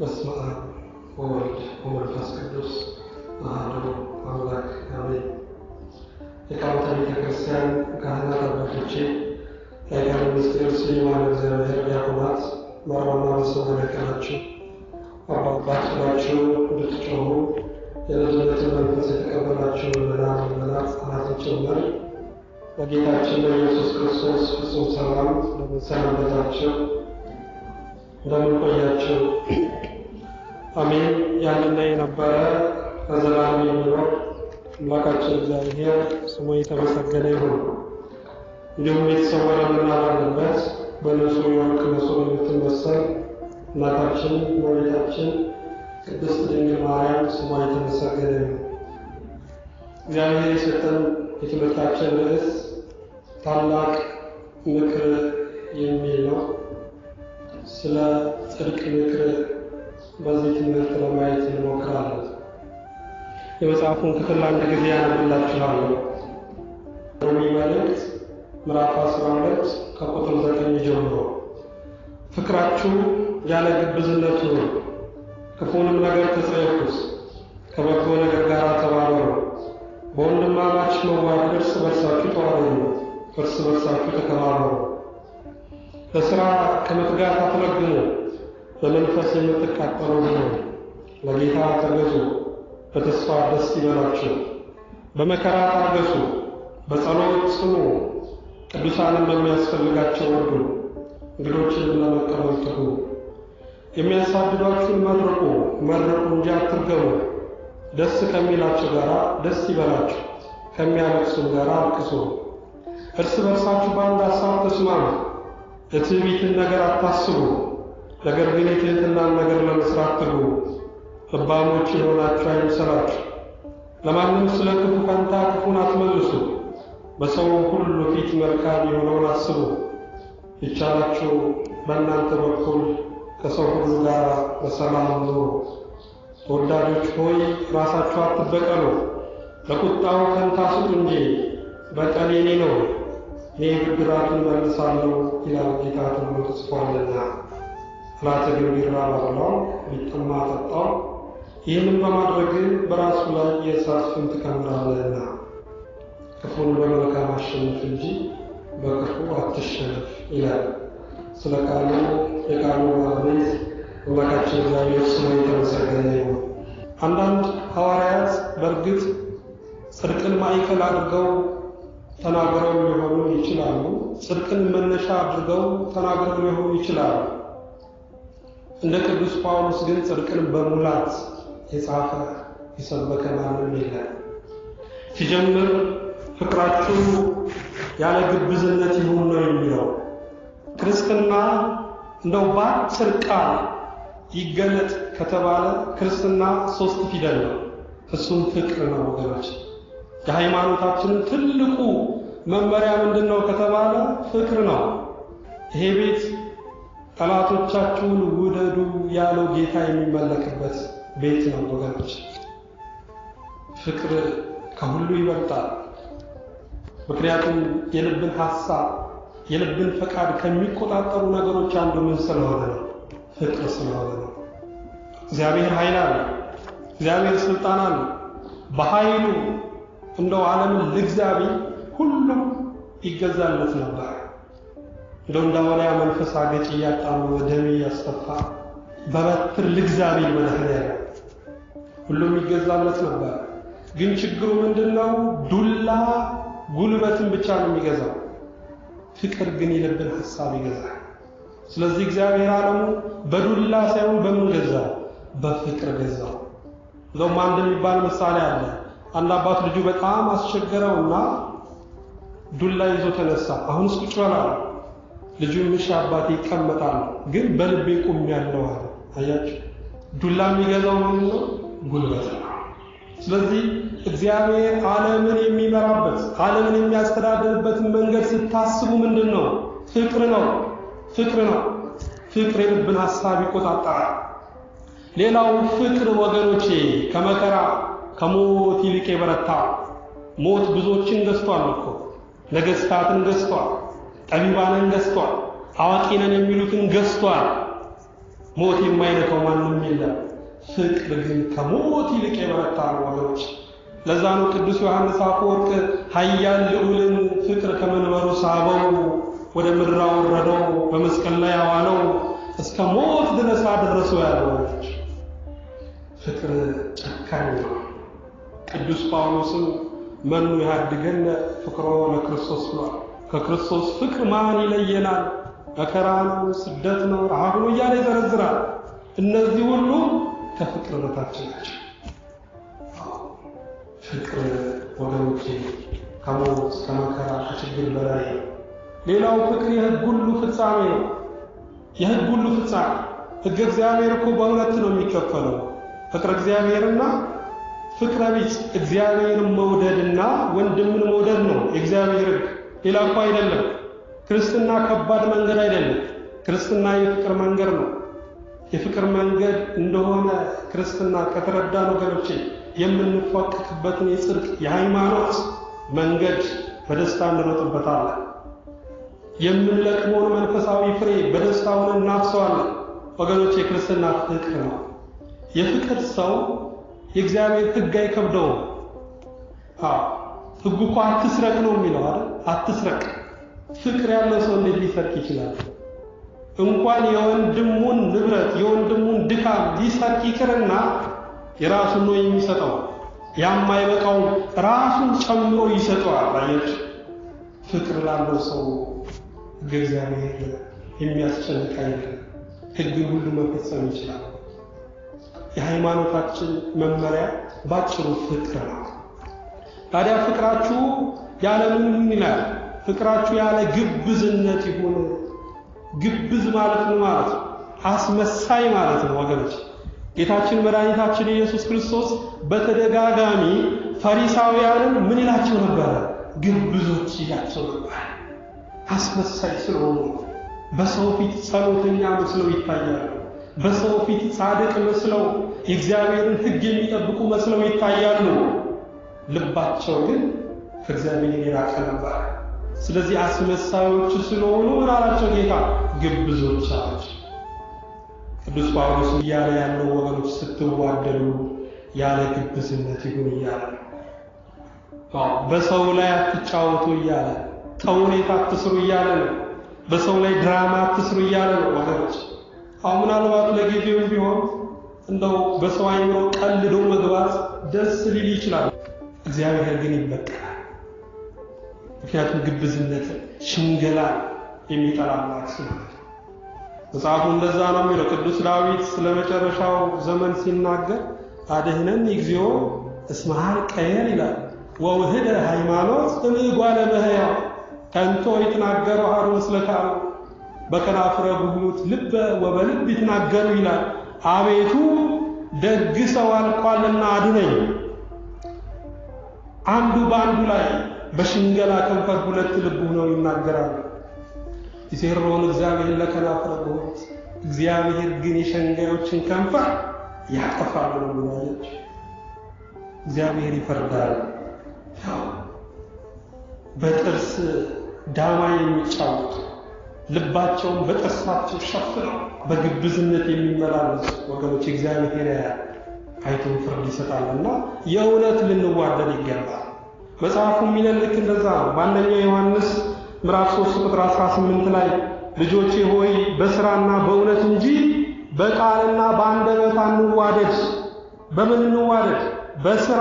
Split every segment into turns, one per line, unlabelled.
በስመ አብ ወወልድ ወመንፈስ ቅዱስ አሐዱ አምላክ አሜን። የቃውንተ ቤተ ክርስቲያን ካህናት አባቶቼ፣ ላይካነ ምስጢር ስዩማን እግዚአብሔር ዲያቆናት፣ መርማማ በሰው መለከላችሁ አባባት ናችሁ እንድትጮሁ የልጅነትን መንፈስ የተቀበላችሁ ምዕመናን ምዕመናት ሕፃናትን ጭምር በጌታችን በኢየሱስ ክርስቶስ ፍጹም ሰላም ለምን ሰላም እንደምን ቆያችሁ? አሜን። ላይ የነበረ በዘላለም የሚኖር አምላካችን እግዚአብሔር ስሙ የተመሰገነ ይሁን። እንዲሁም የተሰወረ ምናባለበት በነሱ የወርቅ መስሎ የምትመሰል እናታችን መቤታችን ቅድስት ድንግል ማርያም ስሟ የተመሰገነ ይሁን። እግዚአብሔር የሰጠን የትምህርታችን ርዕስ ታላቅ ምክር የሚል ነው። ስለ ጽድቅ ምክር በዚህ ትምህርት ለማየት እንሞክራለን። የመጽሐፉን ክፍል አንድ ጊዜ ያነብላችኋለሁ። ሮሜ መልእክት ምዕራፍ 12 ከቁጥር 9 ጀምሮ ፍቅራችሁ ያለ ግብዝነቱ ነው። ክፉንም ነገር ተጸየፉት፣ ከበጎ ነገር ጋር ተባበሩ። በወንድማማች መዋደድ እርስ በርሳችሁ ተዋደዱ፣ እርስ በርሳችሁ ተከባበሩ። ለሥራ ከመትጋት አትለግሙ በመንፈስ የምትቃጠሉ ሁኑ፣ ለጌታ ተገዙ፣ በተስፋ ደስ ይበላችሁ፣ በመከራ ታገሱ፣ በጸሎት ስሙ ቅዱሳንም በሚያስፈልጋቸው እርዱ፣ እንግዶችን ለመቀበል ትጉ። የሚያሳድዷችሁን መርቁ፣ መርቁ እንጂ አትርገሙ። ደስ ከሚላቸው ጋር ደስ ይበላችሁ፣ ከሚያለቅሱም ጋር አልቅሱ። እርስ በርሳችሁ በአንድ ሐሳብ ተስማሙ፣ የትዕቢትን ነገር አታስቡ ነገር ግን የትህትናን ነገር ለመስራት ትጉ። እባሞች የሆናችሁ አይምሰላችሁ። ለማንም ስለ ክፉ ፈንታ ክፉን አትመልሱ። በሰው ሁሉ ፊት መልካም የሆነውን አስቡ። ይቻላችሁ በእናንተ በኩል ከሰው ሁሉ ጋር በሰላም ኑሩ። ተወዳጆች ሆይ ራሳችሁ አትበቀሉ፣ ለቁጣው ፈንታ ስጡ እንጂ በቀል የኔ ነው፣ እኔ ብድራቱን መልሳለሁ ይላል ጌታ ተብሎ ተጽፏልና። ፍላተቢል ቢራ በብላው ቢጠማ ጠጣው። ይህንን በማድረግ በራሱ ላይ የእሳት ፍም ትከምራለህና ክፉን በመልካም አሸንፍ እንጂ በክፉ አትሸነፍ ይላል። ስለ ቃሉ የቃሉ ባለቤት አምላካችን እግዚአብሔር ስሙ የተመሰገነ ነው። አንዳንድ ሐዋርያት በእርግጥ ጽድቅን ማዕከል አድርገው ተናግረው ሊሆኑ ይችላሉ። ጽድቅን መነሻ አድርገው ተናግረው ሊሆኑ ይችላሉ። እንደ ቅዱስ ጳውሎስ ግን ጽድቅን በሙላት የጻፈ የሰበከ ማንም የለም። ሲጀምር ፍቅራችሁ ያለ ግብዝነት ይሁን ነው የሚለው። ክርስትና እንደው በአጭር ቃል ይገለጥ ከተባለ ክርስትና ሶስት ፊደል ነው። እሱም ፍቅር ነው ወገኖች። የሃይማኖታችንም ትልቁ መመሪያ ምንድን ነው ከተባለ ፍቅር ነው። ይሄ ቤት ጠላቶቻችሁን ውደዱ ያለው ጌታ የሚመለክበት ቤት ነው ወገኖች። ፍቅር ከሁሉ ይበልጣል። ምክንያቱም የልብን ሀሳብ የልብን ፈቃድ ከሚቆጣጠሩ ነገሮች አንዱ ምን ስለሆነ ነው? ፍቅር ስለሆነ ነው። እግዚአብሔር ኃይል አለ። እግዚአብሔር ስልጣን አለ። በኃይሉ እንደው ዓለምን ልግዛቢ ሁሉም ይገዛለት ነበር። እንደው እንዳወሪያ መንፈስ አገጭ እያጣሉ ደሜ እያስፈፋ በበትር ልግዛ ቢል ያለ ሁሉም የሚገዛለት ነበር። ግን ችግሩ ምንድን ነው? ዱላ ጉልበትን ብቻ ነው የሚገዛው። ፍቅር ግን የልብን ሐሳብ ይገዛል። ስለዚህ እግዚአብሔር ዓለሙ በዱላ ሳይሆን በምን ገዛው? በፍቅር ገዛው። እንደውም አንድ የሚባል ምሳሌ አለ። አንድ አባት ልጁ በጣም አስቸገረውና ዱላ ይዞ ተነሳ። አሁን እስኪ ጮላ ልጁን ምሽ አባቴ ይቀመጣል፣ ግን በልቤ ቁም ያለው አለ። አያችሁ፣ ዱላ የሚገዛው ምን ነው? ጉልበት። ስለዚህ እግዚአብሔር ዓለምን የሚመራበት ዓለምን የሚያስተዳድርበትን መንገድ ስታስቡ ምንድን ነው? ፍቅር ነው። ፍቅር ነው። ፍቅር የልብን ሀሳብ ይቆጣጠራል። ሌላው ፍቅር ወገኖቼ ከመከራ ከሞት ይልቅ የበረታ ሞት ብዙዎችን ገዝቷል እኮ ነገስታትን ገዝቷል። ጠቢባንን ገዝቷል። አዋቂነን የሚሉትን ገዝቷል። ሞት የማይነካው ማንም የለም። ፍቅር ግን ከሞት ይልቅ የበረታ ነው ወገኖች። ለዛ ነው ቅዱስ ዮሐንስ አፈወርቅ ኃያል ልዑልን ፍቅር ከመንበሩ ሳበው፣ ወደ ምድር አወረደው፣ በመስቀል ላይ አዋለው፣ እስከ ሞት ድረስ አደረሰው ያለች ፍቅር ጨካኝ ነው። ቅዱስ ጳውሎስም መኑ ያድገን ፍቅሮ ለክርስቶስ ብሏል። ከክርስቶስ ፍቅር ማን ይለየናል? መከራ ነው፣ ስደት ነው፣ ረሃብ ነው እያለ ይዘረዝራል። እነዚህ ሁሉ ከፍቅር በታች ናቸው። ፍቅር ወገኖች ከሞት ከመከራ ከችግር በላይ ሌላው ፍቅር የሕግ ሁሉ ፍጻሜ ነው። የሕግ ሁሉ ፍጻሜ ሕግ እግዚአብሔር እኮ በሁለት ነው የሚከፈለው፣ ፍቅር እግዚአብሔርና ፍቅረ ቢጽ። እግዚአብሔርን መውደድና ወንድምን መውደድ ነው የእግዚአብሔር ሕግ። ሌላ እኮ አይደለም። ክርስትና ከባድ መንገድ አይደለም። ክርስትና የፍቅር መንገድ ነው። የፍቅር መንገድ እንደሆነ ክርስትና ከተረዳን ወገኖቼ የምንፏቀቅበትን የጽድቅ የሃይማኖት መንገድ በደስታ እንሮጥበታለን። የምንለቅመውን መንፈሳዊ ፍሬ በደስታውን እናፍሰዋለን። ወገኖች የክርስትና ፍቅር ነው። የፍቅር ሰው የእግዚአብሔር ሕግ አይከብደውም። አዎ ሕጉ እኮ አትስረቅ ነው የሚለው አይደል? አትስረቅ። ፍቅር ያለው ሰው እንዴት ሊሰርቅ ይችላል? እንኳን የወንድሙን ንብረት የወንድሙን ድካም ሊሰርቅ ይቅርና የራሱን ነው የሚሰጠው። ያማይበቃው ራሱን ጨምሮ ይሰጠዋል። አያችሁ፣ ፍቅር ላለው ሰው ሕግ እግዚአብሔር የሚያስጨንቅ አይደለም። ሕግን ሁሉ መፈጸም ይችላል። የሃይማኖታችን መመሪያ ባጭሩ ፍቅር ነው። ታዲያ ፍቅራችሁ ያለ ምንም ይላል ፍቅራችሁ ያለ ግብዝነት ይሁን። ግብዝ ማለት ነው ማለት ነው፣ አስመሳይ ማለት ነው ወገኖች። ጌታችን መድኃኒታችን ኢየሱስ ክርስቶስ በተደጋጋሚ ፈሪሳውያንን ምን ይላቸው ነበረ? ግብዞች ይላቸው ነበር። አስመሳይ ስለሆኑ በሰው ፊት ጸሎተኛ መስለው ይታያሉ። በሰው ፊት ጻድቅ መስለው የእግዚአብሔርን ሕግ የሚጠብቁ መስለው ይታያሉ። ልባቸው ግን ከእግዚአብሔር የራቀ ነበር። ስለዚህ አስመሳዮች ስለሆኑ ምን አላቸው ጌታ? ግብዞች አላቸው። ቅዱስ ጳውሎስ እያለ ያለው ወገኖች ስትዋደዱ ያለ ግብዝነት ይሁን እያለ በሰው ላይ አትጫወቱ እያለ ተውኔት አትስሩ እያለ ነው። በሰው ላይ ድራማ አትስሩ እያለ ነው ወገኖች። አሁን ምናልባት ለጊዜውም ቢሆን እንደው በሰው አይምሮ ቀልዶ መግባት ደስ ሊል ይችላል። እግዚአብሔር ግን ይበቃል። ምክንያቱም ግብዝነት ሽንገላ የሚጠላ አምላክ ስለሆነ መጽሐፉ እንደዛ ነው የሚለው። ቅዱስ ዳዊት ስለ መጨረሻው ዘመን ሲናገር አድህነን እግዚኦ እስመ ቀየር ይላል ወውህደ ሃይማኖት እምጓለ በሕያው ከንቶ የተናገሩ ሀሮ ምስለታሉ በከናፍረ ጉብሉት ልበ ወበልብ ይትናገሩ ይላል። አቤቱ ደግ ሰው አልቋልና አድነኝ። አንዱ በአንዱ ላይ በሽንገላ ከንፈር ሁለት ልብ ሆነው ይናገራሉ። ይሴሮን እግዚአብሔር ለከናፈር ሆት እግዚአብሔር ግን የሸንጋዮችን ከንፈር ያጠፋል ነው ብላለች። እግዚአብሔር ይፈርዳል። በጥርስ ዳማ የሚጫወቱ ልባቸውን በጥርሳቸው ሸፍነው በግብዝነት የሚመላለሱ ወገኖች እግዚአብሔር አይቶም ፍርድ ይሰጣልና የእውነት ልንዋደድ ይገባል። መጽሐፉ የሚለን ልክ እንደዛ ነው። በአንደኛ ዮሐንስ ምዕራፍ 3 ቁጥር 18 ላይ ልጆቼ ሆይ በስራና በእውነት እንጂ በቃልና በአንደበት አንዋደድ። በምን እንዋደድ? በስራ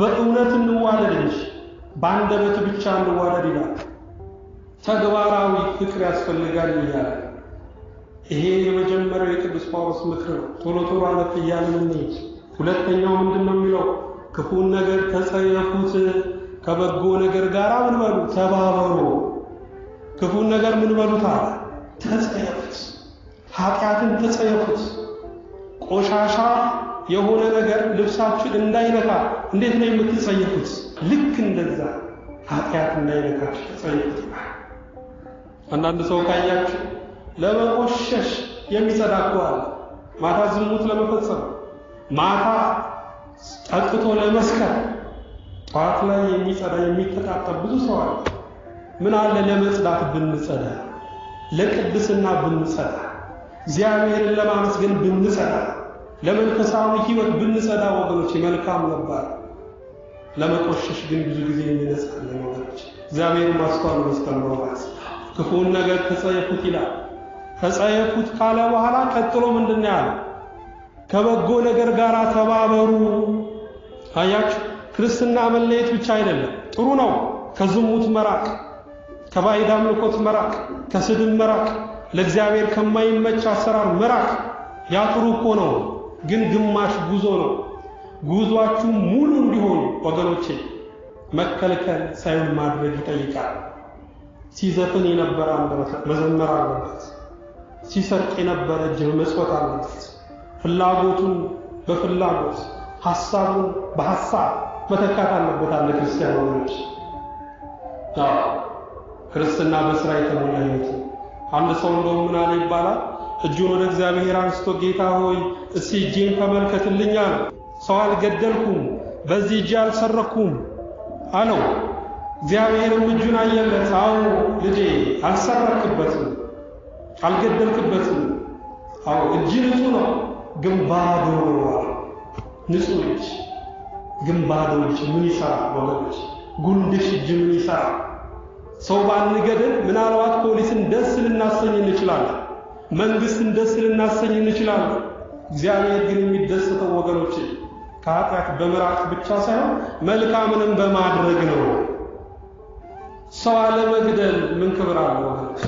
በእውነት እንዋደድ እንጂ በአንደበት ብቻ እንዋደድ ይላል። ተግባራዊ ፍቅር ያስፈልጋል ይላል። ይሄ የመጀመሪያው የቅዱስ ጳውሎስ ምክር ነው። ቶሎ ቶሎ አለፍ እያልን ሁለተኛው ምንድን ነው የሚለው? ክፉን ነገር ተጸየፉት ከበጎ ነገር ጋር ምን በሉ ተባበሩ። ክፉን ነገር ምን በሉታ ተጸየፉት፣ ኃጢአትን ተጸየፉት። ቆሻሻ የሆነ ነገር ልብሳችን እንዳይነካ እንዴት ነው የምትጸየፉት? ልክ እንደዛ ኃጢአት እንዳይነካ ተጸየፉት አንዳንድ ሰው ካያችሁ ለመቆሸሽ የሚጸዳ ማታ ዝሙት ለመፈጸም ማታ ጠጥቶ ለመስከር ጠዋት ላይ የሚጸዳ የሚተጣጠብ ብዙ ሰው አለ። ምን አለ ለመጽዳት ብንጸዳ፣ ለቅድስና ብንጸዳ፣ እግዚአብሔርን ለማመስገን ብንጸዳ፣ ለመንፈሳዊ ሕይወት ብንጸዳ ወገኖች መልካም ነበር። ለመቆሸሽ ግን ብዙ ጊዜ የሚነጻለን ወገኖች። እግዚአብሔር ማስተዋል መስተምሮ ክፉን ነገር ተጸየፉት ይላል። ተጸየፉት ካለ በኋላ ቀጥሎ ምንድን ያለው? ከበጎ ነገር ጋር ተባበሩ አያችሁ ክርስትና መለየት ብቻ አይደለም። ጥሩ ነው። ከዝሙት መራቅ፣ ከባዕድ አምልኮት መራቅ፣ ከስድብ መራቅ፣ ለእግዚአብሔር ከማይመች አሰራር መራቅ፣ ያ ጥሩ እኮ ነው። ግን ግማሽ ጉዞ ነው። ጉዟችሁ ሙሉ እንዲሆኑ ወገኖቼ መከልከል ሳይሆን ማድረግ ይጠይቃል። ሲዘፍን የነበረ መዘመር አለበት። ሲሰርቅ የነበረ እጅ መጽወት አለበት። ፍላጎቱን በፍላጎት ሐሳቡን በሐሳብ መተካት አለ ክርስቲያን ወንድ ክርስትና በስራ የተሞላ ህይወት። አንድ ሰው እንደው ምን አለ ይባላል፣ እጁን ወደ እግዚአብሔር አንስቶ ጌታ ሆይ እስቲ እጄን ተመልከትልኝ አለ። ሰው አልገደልኩም፣ በዚህ እጄ አልሰረኩም አለው። እግዚአብሔርም እጁን አየለት። አዎ ልጄ አልሰረክበትም፣ አልገደልክበትም። አዎ እጅ ንጹህ ነው፣ ግን ባዶ ነው። ንጹህ እጅ ግንባሮች ምን ይሰራ ወገኖች፣ ጉንድሽ እጅ ምን ይሰራ? ሰው ባንገድል ምናልባት ፖሊስን ደስ ልናሰኝ እንችላለን፣ መንግስትን ደስ ልናሰኝ እንችላለን። እግዚአብሔር ግን የሚደሰተው ወገኖች ከኃጢአት በመራቅ ብቻ ሳይሆን መልካምንም በማድረግ ነው። ሰው አለመግደል ምን ክብር አለ ወገኖች?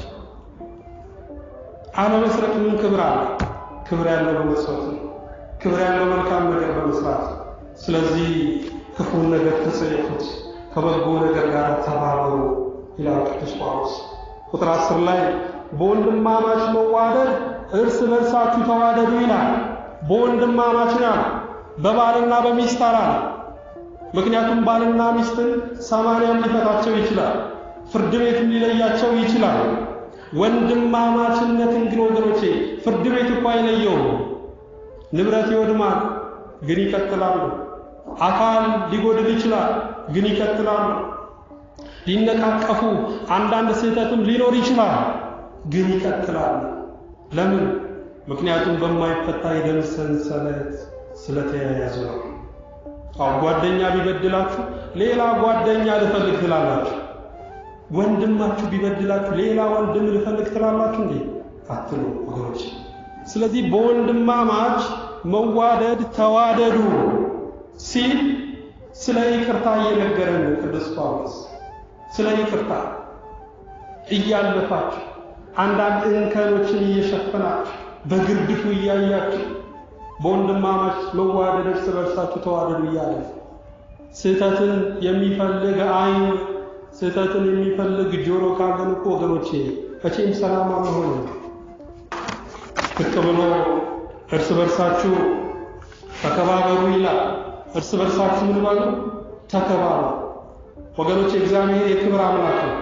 አለመስረቅ ምን ክብር አለ? ክብር ያለው በመስዋዕት ነው። ክብር ያለው መልካም ነገር በመስራት ነው። ስለዚህ ክፉን ነገር ተጸየፉት፣ ከበጎ ነገር ጋር ተባበሩ ይላል ቅዱስ ጳውሎስ። ቁጥር አስር ላይ በወንድማማች መዋደድ እርስ በርሳችሁ ተዋደዱ ይላል። በወንድማማች ና በባልና በሚስት አላል። ምክንያቱም ባልና ሚስትን ሰማንያም ሊፈታቸው ይችላል፣ ፍርድ ቤትም ሊለያቸው ይችላል። ወንድማማችነትን ግን ወገኖቼ ፍርድ ቤት እኮ አይለየውም። ንብረት ይወድማል፣ ግን ይቀጥላሉ። አካል ሊጎድል ይችላል፣ ግን ይቀጥላሉ። ሊነቃቀፉ አንዳንድ ስህተትም ሊኖር ይችላል፣ ግን ይቀጥላሉ። ለምን? ምክንያቱም በማይፈታ የደም ሰንሰለት ስለተያያዙ ነው። አዎ ጓደኛ ቢበድላችሁ ሌላ ጓደኛ ልፈልግ ትላላችሁ። ወንድማችሁ ቢበድላችሁ ሌላ ወንድም ልፈልግ ትላላችሁ እንዴ? አትሉ ወገኖች። ስለዚህ በወንድማማች መዋደድ ተዋደዱ። ሲል ስለ ይቅርታ እየነገረ ነው ቅዱስ ጳውሎስ። ስለ ይቅርታ እያለፋችሁ አንዳንድ እንከኖችን እየሸፈናችሁ በግርድፉ እያያችሁ በወንድማማች መዋደድ እርስ በርሳችሁ ተዋደዱ እያለ ስህተትን የሚፈልግ አይን ስህተትን የሚፈልግ ጆሮ ካለን እኮ ወገኖቼ መቼም ሰላም አልሆንም። ብሎ እርስ በርሳችሁ ተከባበሩ ይላል። እርስ በርሳችሁ ምን ባሉ ተከባሩ። ወገኖች እግዚአብሔር የክብር አምላክ ነው።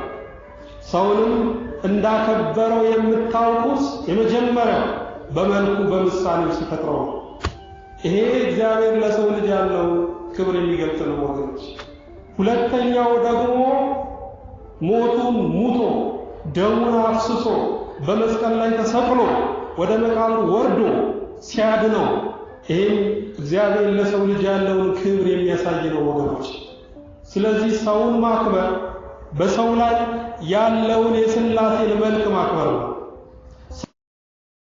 ሰውንም እንዳከበረው የምታውቁት የመጀመሪያው በመልኩ በምሳሌው ሲፈጥረው ነው። ይሄ እግዚአብሔር ለሰው ልጅ ያለው ክብር የሚገልጽ ነው ወገኖች። ሁለተኛው ደግሞ ሞቱን ሙቶ ደሙን አፍስሶ በመስቀል ላይ ተሰቅሎ ወደ መቃብር ወርዶ ሲያድነው ይህም እግዚአብሔር ለሰው ልጅ ያለውን ክብር የሚያሳይ ነው ወገኖች። ስለዚህ ሰውን ማክበር በሰው ላይ ያለውን የስላሴን መልክ ማክበር ነው።